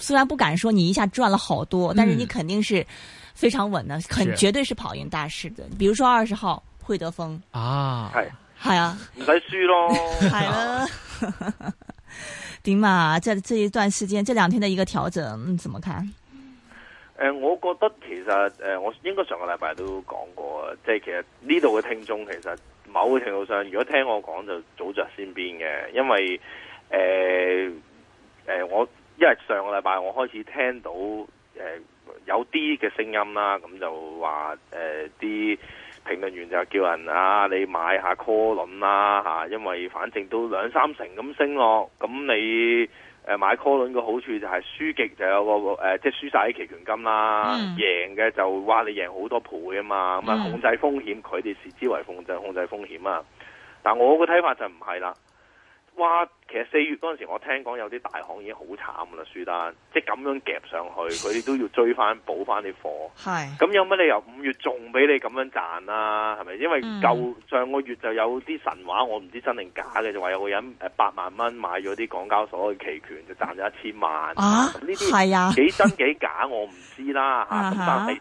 雖然不敢說你一下賺了好多，但是你肯定是非常穩的，很、嗯、絕對是跑贏大市的。啊、比如說二十號會德豐啊，係係啊，唔使輸咯，係啦。點啊？在 這一段時間，這兩天的一個調整、嗯，怎麼看、呃？我覺得其實、呃、我應該上個禮拜都講過，即係其實呢度嘅聽眾其實某程度上如果聽我講就早着先邊嘅，因為誒、呃呃、我。因為上個禮拜我開始聽到誒、呃、有啲嘅聲音啦，咁就話誒啲評論員就叫人啊，你買下 call 輪啦嚇、啊，因為反正都兩三成咁升落，咁你誒、呃、買 call 輪嘅好處就係輸極就有個誒，即、呃、係、就是、輸晒啲期權金啦，mm. 贏嘅就話你贏好多倍啊嘛，咁啊控制風險，佢哋、mm. 視之為控制控制風險啊，但我個睇法就唔係啦。哇！其實四月嗰陣時，我聽講有啲大行已經好慘啦，輸單，即係咁樣夾上去，佢哋都要追翻補翻啲貨。係是，咁有乜理由五月仲俾你咁樣賺啊？係咪？因為舊上個月就有啲神話，我唔知真定假嘅，就話有個人誒八萬蚊買咗啲港交所嘅期權，就賺咗一千萬。啊？呢啲係啊，幾真幾假我唔知啦嚇 但係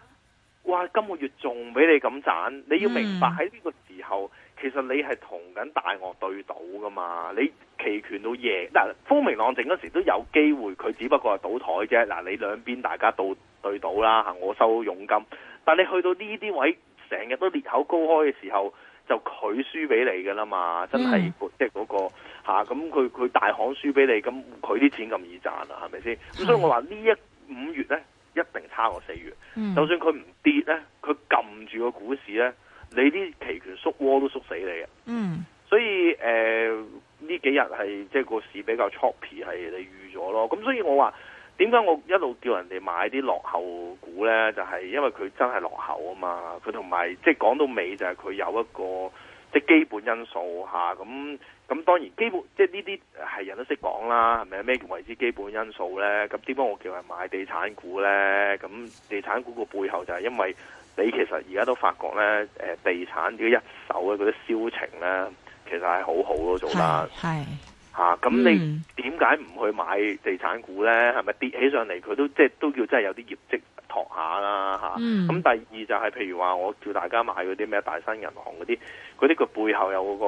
哇，今個月仲俾你咁賺，你要明白喺呢個時候。其實你係同緊大鱷對賭噶嘛？你期權到夜嗱、啊、風明浪靜嗰時都有機會，佢只不過係賭台啫。嗱、啊，你兩邊大家對對賭啦，吓我收佣金。但你去到呢啲位，成日都裂口高開嘅時候，就佢輸俾你噶啦嘛，真係、嗯、即係嗰、嗰個吓咁，佢、啊、佢大行輸俾你，咁佢啲錢咁易賺啊？係咪先？咁、嗯、所以我話呢一五月呢，一定差過四月，嗯、就算佢唔跌呢，佢撳住個股市呢。你啲期權縮窩都縮死你嘅，嗯，所以誒呢、呃、幾日係即係個市比較 choppy，係你預咗咯。咁所以我話點解我一路叫人哋買啲落後股呢？就係、是、因為佢真係落後啊嘛。佢同埋即係講到尾就係佢有一個即係基本因素吓。咁、啊、咁當然基本即係呢啲係人都識講啦，係咪？咩為之基本因素呢？咁點解我叫人買地產股呢？咁地產股個背後就係因為。你其實而家都發覺咧，誒地產呢一手嘅嗰啲銷情咧，其實係好好咯，做得。係嚇，咁、啊、你點解唔去買地產股咧？係咪跌起上嚟佢都即係都叫真係有啲業績托下啦嚇？咁、啊嗯啊、第二就係、是、譬如話，我叫大家買嗰啲咩大新銀行嗰啲，嗰啲佢背後有個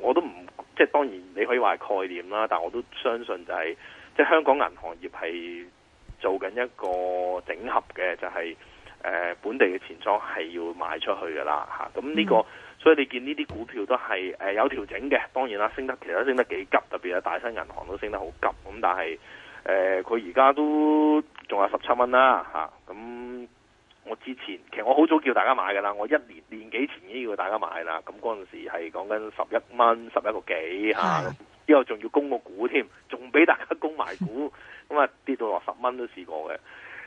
我都唔即係當然你可以話概念啦，但我都相信就係、是、即係香港銀行業係做緊一個整合嘅，就係、是。本地嘅錢莊係要賣出去嘅啦，咁呢個，所以你見呢啲股票都係有調整嘅，當然啦，升得其實升得幾急，特別係大新銀行都升得好急。咁但係誒佢而家都仲有十七蚊啦，咁我之前其實我好早叫大家買㗎啦，我一年年幾前已經叫大家買啦，咁嗰陣時係講緊十一蚊，十一個幾嚇，之後仲要供個股添，仲俾大家供埋股，咁啊跌到落十蚊都試過嘅。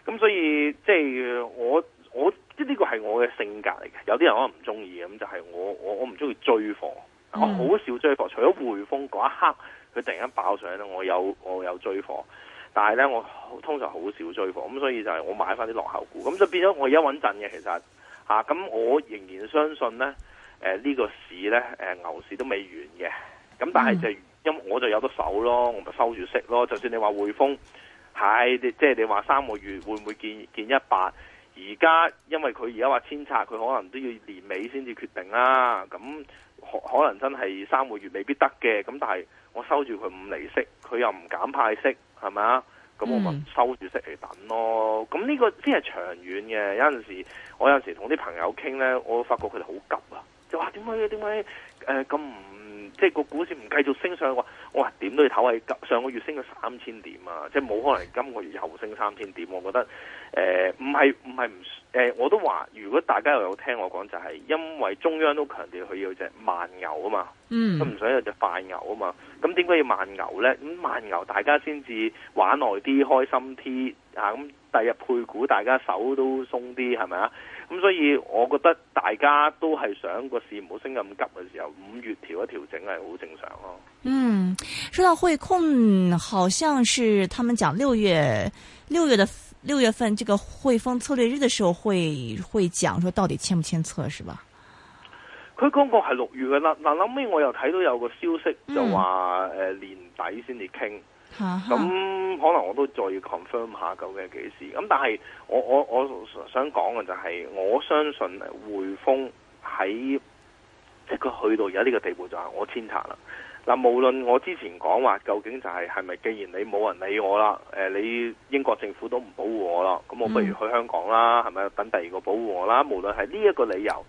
咁所以即係我我即呢、呢個係我嘅性格嚟嘅。有啲人可能唔中意咁就係我我我唔中意追貨，我好少追貨，除咗匯豐嗰一刻佢突然間爆上咧，我有我有追貨，但係咧我通常好少追貨，咁所以就係我買翻啲落後股，咁就變咗我而家穩陣嘅，其實吓，咁、啊、我仍然相信咧，誒、呃、呢、呢個市咧，誒、呃、牛市都未完嘅，咁但係就係嗯、因為我就有得手咯，我咪收住息咯，就算你話匯豐。係，即係你話，就是，三個月會唔會見見一百？而家因為佢而家話遷冊，佢可能都要年尾先至決定啦、啊。咁可，可能真係三個月未必得嘅。咁但係我收住佢五厘息，佢又唔減派息，係咪啊？咁我咪收住息嚟等咯。咁呢個先係長遠嘅。有陣時我有陣時同啲朋友傾呢，我都發覺佢哋好急啊，就話點解點解誒咁唔？為什麼為什麼呃即係個股市唔繼續升上去，哇點都要唞下。上個月升咗三千點啊，即係冇可能今個月又升三千點。我覺得誒唔係唔係唔誒，我都話如果大家又有聽我講，就係因為中央都強調佢要隻慢牛啊嘛，都唔想有隻快牛啊嘛。咁點解要慢牛咧？咁慢牛大家先至玩耐啲，開心啲啊！咁第日配股大家手都鬆啲，係咪啊？咁、嗯、所以，我覺得大家都係想個市唔好升咁急嘅時候，五月調一調整係好正常咯。嗯，說到匯控，好像是他們講六月六月的六月份，這個匯豐策略日的時候會會講說到底遷唔遷冊，是吧？佢講過係六月嘅啦，嗱諗起我又睇到有個消息，嗯、就話，誒、呃、年底先至傾。咁可能我都再 confirm 下究竟係幾時？咁、嗯、但係我我我想講嘅就係我相信匯豐喺即係佢去到而家呢個地步就係我遷冊啦。嗱、啊，無論我之前講話究竟就係係咪既然你冇人理我啦？誒、呃，你英國政府都唔保護我啦？咁我不如去香港啦，係咪、嗯、等第二個保護我啦？無論係呢一個理由，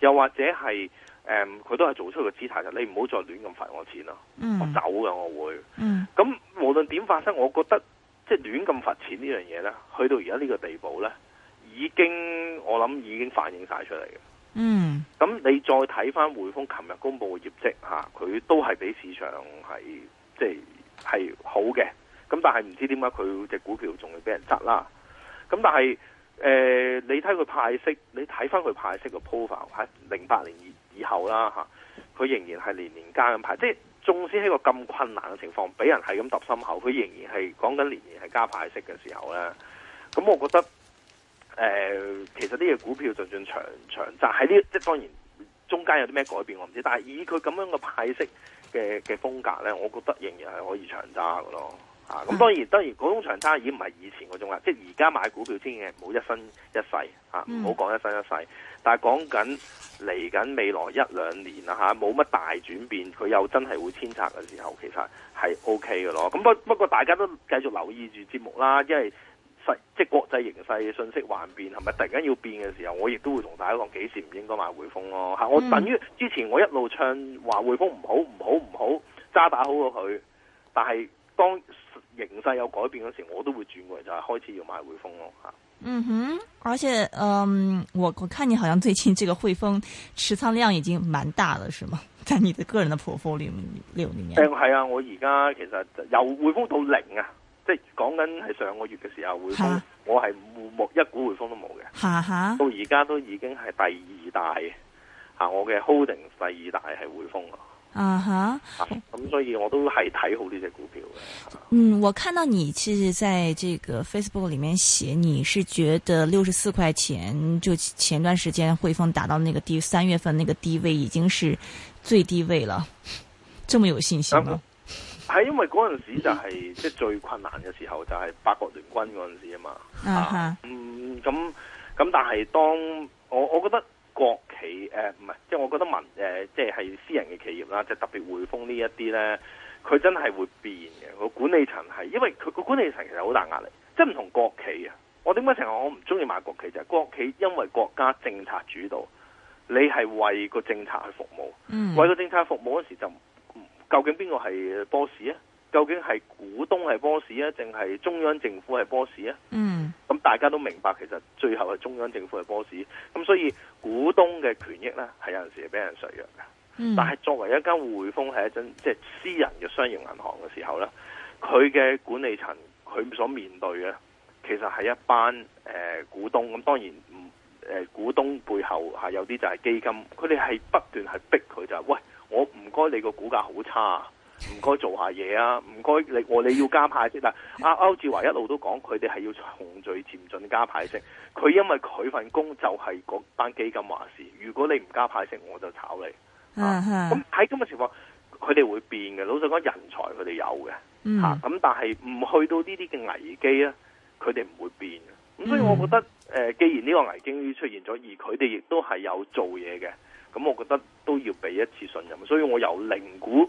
又或者係誒佢都係做出個姿態，就你唔好再亂咁罰我錢啦。嗯，我，嗯我走嘅我會。咁、嗯。嗯無論點發生，我覺得即係亂咁罰錢呢樣嘢呢，去到而家呢個地步呢，已經我諗已經反映晒出嚟嘅。嗯，咁你再睇翻滙豐琴日公布嘅業績吓，佢、啊、都係比市場係即係係好嘅。咁但係唔知點解佢隻股票仲要俾人窒啦。咁但係誒、呃，你睇佢派息，你睇翻佢派息嘅 profile 喺零八年以以後啦吓，佢、啊、仍然係年年加緊派息，即係。縱使呢個咁困難嘅情況，俾人係咁揼心口，佢仍然係講緊年年係加派息嘅時候呢。咁我覺得，誒、呃，其實呢個股票就算長長揸喺呢，即係當然中間有啲咩改變我唔知道，但係以佢咁樣嘅派息嘅嘅風格呢，我覺得仍然係可以長揸嘅咯。啊，咁當然當然，嗰種長揸已經唔係以前嗰種啦，即係而家買股票先嘅，冇一生一世，唔好講一生一世。但係講緊嚟緊未來一兩年，啊、冇乜大轉變，佢又真係會遷拆嘅時候，其實係 O K 嘅咯。咁不不過大家都繼續留意住節目啦，因為即係國際形勢嘅信息還變，係咪突然間要變嘅時候，我亦都會同大家講幾時唔應該買匯豐咯，啊。我等於之前我一路唱話匯豐唔好，唔好，唔好，渣打好過佢，但係當形勢有改變嗰時候，我都會轉過嚟就係、是、開始要買匯豐咯。嗯哼，而且嗯，我我看你好像最近這個匯豐持倉量已經蠻大了，是嗎？在你的個人的 portfolio 裡面。誒、呃、啊，我而家其實由匯豐到零啊，即係講緊係上個月嘅時候匯豐哈我係冇一股匯豐都冇嘅。哈哈到而家都已經係第二大嚇、啊，我嘅 holding 第二大係匯豐咯。Uh huh. 啊哈，咁所以我都係睇好呢隻股票嘅。嗯，我看到你其實在這個 Facebook 裏面寫，你是覺得六十四塊錢，就前段時間匯豐達到那個低，三月份那個低位已經是最低位了，這麼有信心嗎？係、啊、因為嗰陣時就係、是、即係、就是、最困難嘅時候，就係八國聯軍嗰陣時啊嘛。Uh huh. 啊嗯，咁咁但係當我我覺得。國企誒唔係，即係我覺得民誒、呃、即係私人嘅企業啦，就特別匯豐呢一啲呢，佢真係會變嘅。個管理層係因為佢個管理層其實好大壓力，即係唔同國企啊。我點解成日我唔中意買國企就係、是、國企因為國家政策主導，你係為個政策去服務，為個政策服務嗰、嗯、時候就究竟邊個係 boss 啊？究竟係股東係 boss 啊？定係中央政府係 boss 啊？嗯。咁大家都明白，其實最後係中央政府嘅 boss，咁所以股東嘅權益呢，係有陣時係俾人削弱嘅。嗯、但係作為一間匯豐係一間即係私人嘅商業銀行嘅時候呢，佢嘅管理層佢所面對嘅其實係一班誒、呃、股東，咁當然唔誒、呃、股東背後係、啊、有啲就係基金，佢哋係不斷係逼佢就係、是，喂，我唔該你個股價好差、啊。唔該做下嘢啊！唔該你我哋要加派息，但阿歐志華一路都講佢哋係要循序漸進加派息。佢因為佢份工就係嗰班基金話事，如果你唔加派息，我就炒你。咁喺咁嘅情況，佢哋會變嘅。老實講，人才佢哋有嘅，吓、啊、咁，但係唔去到呢啲嘅危機咧，佢哋唔會變。咁所以我覺得，誒、呃，既然呢個危機出現咗，而佢哋亦都係有做嘢嘅，咁我覺得都要俾一次信任。所以我由零股。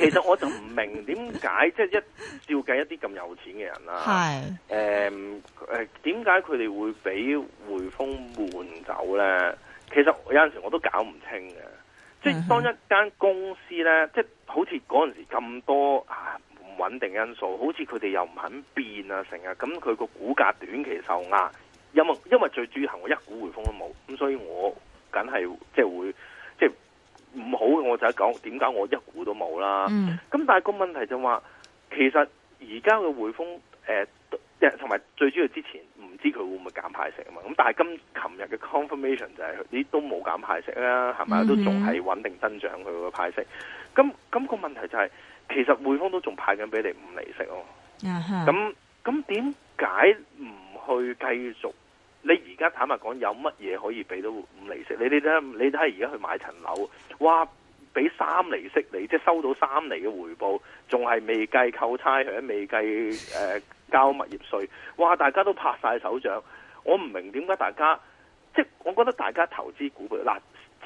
其實我就唔明點解即係一照計一啲咁有錢嘅人啦、啊，誒誒、 呃，點解佢哋會俾匯豐換走咧？其實有陣時我都搞唔清嘅，即係當一間公司咧，即係好似嗰陣時咁多啊唔穩定因素，好似佢哋又唔肯變啊成日咁，佢個股價短期受壓，因為因為最主要我一股匯豐都冇，咁所以我梗係即係會。唔好，我就係講點解我一股都冇啦。咁、mm hmm。但係、呃啊 mm hmm。個問題就話，其實而家嘅匯豐同埋最主要之前唔知佢會唔會減派息啊嘛。咁但係今琴日嘅 confirmation 就係，你都冇減派息啦，係咪都仲係穩定增長佢個派息？咁咁個問題就係，其實匯豐都仲派緊俾你五厘息囉。咁咁點解唔去繼續？你而家坦白講，有乜嘢可以俾到五厘息？你你睇，你睇下而家去買層樓，哇！俾三厘息你，即係收到三厘嘅回報，仲係未計扣差，而未計、呃、交物業稅。哇！大家都拍晒手掌，我唔明點解大家即係、就是、我覺得大家投資股票嗱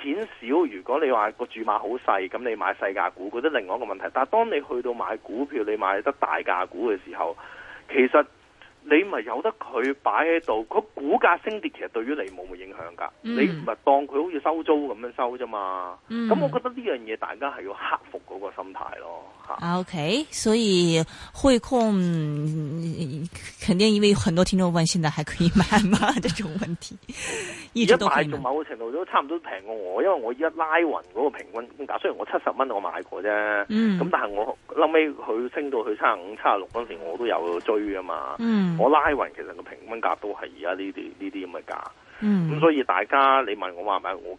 錢少，如果你話個注碼好細，咁你買細價股嗰啲另外一個問題。但係當你去到買股票，你買得大價股嘅時候，其實。你咪由得佢擺喺度，佢、那個、股價升跌其實對於你冇乜影響㗎。嗯、你唔係當佢好似收租咁樣收啫嘛。咁、嗯、我覺得呢樣嘢大家係要克服嗰個心態咯嚇、啊。OK，所以匯控肯定因為很多聽眾問，現在還可以買嘛，這種問題，而家、嗯、買到某程度都差唔多平過我，因為我而家拉勻嗰個平均價，雖然我七十蚊我買過啫，咁、嗯、但係我後尾佢升到去七十五、七十六嗰陣時，我都有追啊嘛。嗯我拉勻，其實個平均價都係而家呢啲呢啲咁嘅價，咁、mm. 所以大家你問我話係咪我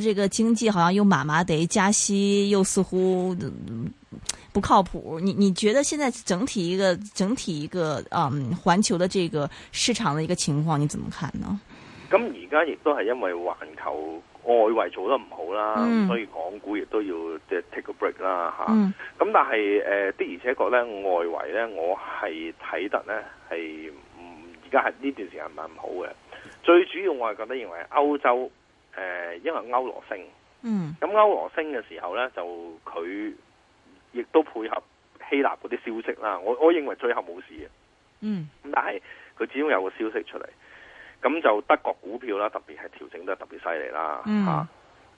這個經濟好像又麻麻哋，加息又似乎不靠譜。你你覺得現在整體一個整體一個嗯，環球的這個市場的一個情況你怎麼看呢？咁而家亦都係因為環球外圍做得唔好啦，嗯、所以港股亦都要即 take a break 啦，吓、嗯。咁、啊、但係、呃、的而且確呢外圍呢，我係睇得呢係唔而家係呢段時間唔係咁好嘅。最主要我係覺得認為歐洲。誒，因為歐羅升，嗯，咁歐羅升嘅時候咧，就佢亦都配合希臘嗰啲消息啦，我我認為最後冇事嘅，嗯，咁但係佢始終有個消息出嚟，咁就德國股票啦，特別係調整得特別犀利啦，吓、嗯，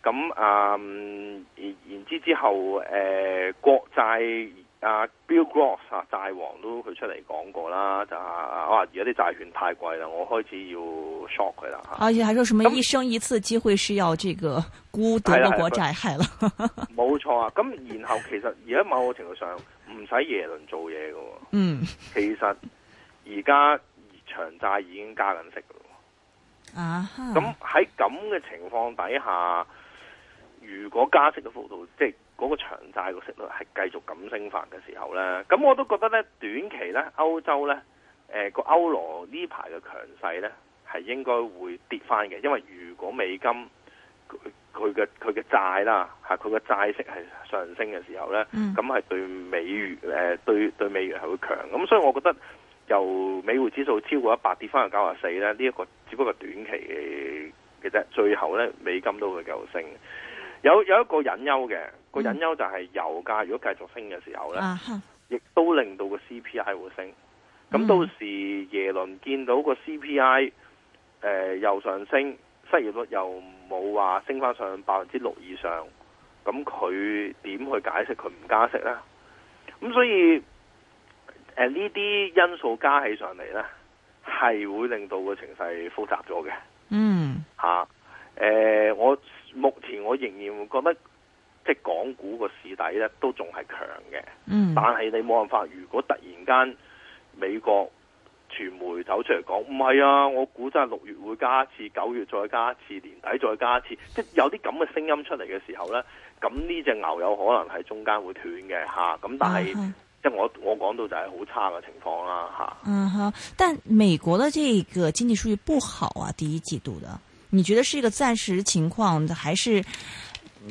咁啊那、嗯，然之之後誒、呃，國債。阿、uh, Bill Gross 啊，債王都佢出嚟講過啦，就話而家啲債券太貴啦，我開始要 short 佢啦嚇。啊，要係個咩？咁一生一次機會是要這個沽德國國債係啦。冇錯啊，咁然後其實而家某個程度上唔使耶倫做嘢嘅喎。嗯，其實而家長債已經加緊息嘅咯。啊，咁喺咁嘅情況底下，如果加息嘅幅度即係。嗰個長債個息率係繼續咁升法嘅時候咧，咁我都覺得咧短期咧歐洲咧，誒、呃、個歐羅呢排嘅強勢咧係應該會跌翻嘅，因為如果美金佢嘅佢嘅債啦吓佢嘅債息係上升嘅時候咧，咁係、mm. 對美元誒對對美元係會強，咁所以我覺得由美匯指數超過一百跌翻去九十四咧，呢、這、一個只不過短期嘅啫，最後咧美金都會繼續升。有有一個隱憂嘅。個隱憂就係油價如果繼續升嘅時候呢，亦、uh huh. 都令到個 CPI 會升。咁到時耶倫見到個 CPI、呃、又上升，失業率又冇話升翻上百分之六以上，咁佢點去解釋佢唔加息呢？咁所以呢啲、呃、因素加起上嚟呢，係會令到個情勢複雜咗嘅。嗯、uh，吓、huh. 啊呃、我目前我仍然會覺得。即係港股個市底咧，都仲係強嘅。嗯，但係你冇辦法，如果突然間美國傳媒走出嚟講，唔係啊，我估真係六月會加一次，九月再加一次，年底再加一次。即係有啲咁嘅聲音出嚟嘅時候咧，咁呢隻牛有可能係中間會斷嘅吓。咁、啊、但係、啊、即係我我講到就係好差嘅情況啦吓。啊、嗯哼，但美國嘅這個經濟數據不好啊，第一季度的，你覺得是一個暫時情況，還是？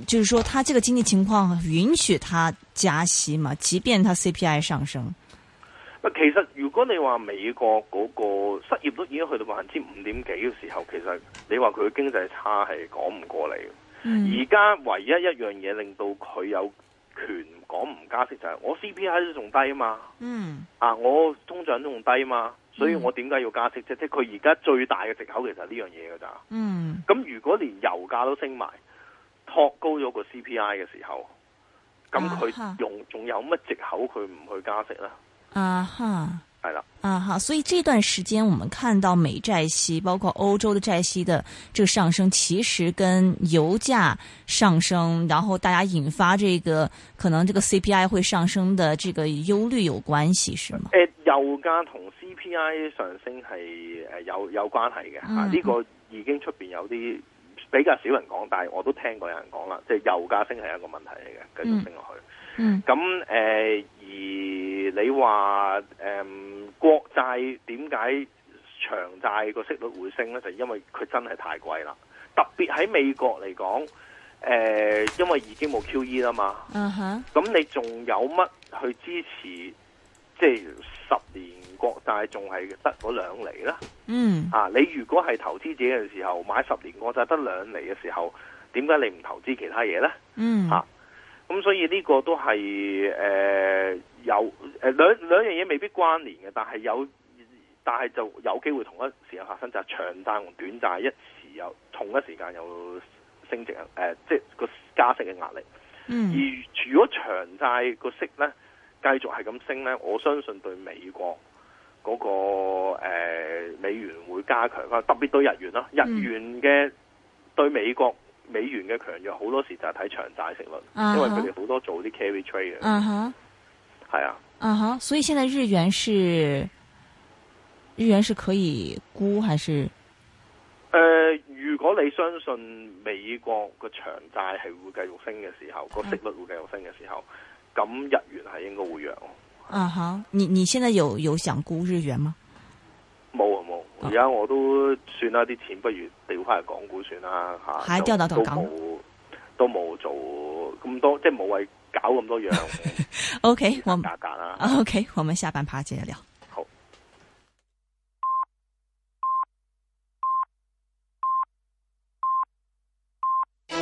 就是說，他這個經濟情況允許他加息嘛？即便他 CPI 上升。其實，如果你話美國嗰個失業都已經去到百分之五點幾嘅時候，其實你話佢經濟差係講唔過嚟。而家、嗯、唯一一樣嘢令到佢有權講唔加息就係，我 CPI 都仲低啊嘛。嗯。啊，我通脹都仲低啊嘛，所以我點解要加息啫？嗯、即係佢而家最大嘅借口其實係呢樣嘢噶咋。嗯。咁如果連油價都升埋？托高咗個 CPI 嘅時候，咁佢用仲、啊、哈有乜借口佢唔去加息呢？啊哈，係啦了，啊哈，所以這段時間我們看到美債息，包括歐洲的債息的這個上升，其實跟油價上升，然後大家引發這個可能這個 CPI 會上升的這個憂慮有關係，是嗎？誒、呃，油價同 CPI 上升係誒有有關係嘅，呢、啊哈啊呢個已經出邊有啲。比較少人講，但係我都聽過有人講啦，即、就、係、是、油價升係一個問題嚟嘅，繼續升落去，嗯。嗯，咁誒、呃，而你話誒、嗯、國債點解長債個息率會升呢？就係、因為佢真係太貴啦，特別喺美國嚟講，誒、呃、因為已經冇 QE 啦嘛。嗯、哼，咁你仲有乜去支持即係十年國債仲係得嗰兩厘啦，嗯、啊，你如果係投資者嘅時候買十年國債得兩厘嘅時候，點解你唔投資其他嘢呢？嗯、啊，吓，咁所以呢個都係誒、呃、有誒兩兩樣嘢未必關聯嘅，但係有，但係就有機會同一時間發生，就係、是、長債同短債一時有同一時間有升值誒，即、呃、係、就是、個加息嘅壓力。嗯、而如果長債個息呢，繼續係咁升呢，我相信對美國。嗰、那個、呃、美元會加強啊，特別對日元咯，日元嘅對美國美元嘅強弱好、嗯、多時就係睇長債息率，uh huh. 因為佢哋好多做啲 carry trade 嘅。嗯哼、uh，係、huh. 啊。嗯哼、uh，huh. 所以現在日元係日元係可以沽，還是？誒、呃，如果你相信美國嘅長債係會繼續升嘅時候，uh huh. 那個息率會繼續升嘅時候，咁、uh huh. 日元係應該會弱。啊吓，uh huh. 你你現在有有想沽日元嗎？冇啊冇，而家我都算啦，啲、oh. 錢不如、啊、掉翻去港股算啦吓。吓，掉到頭，港股，都冇做咁多，即係冇謂搞咁多樣。 o Okay , K，我唔價格啦。O、okay, K，我們下半 part 接着聊。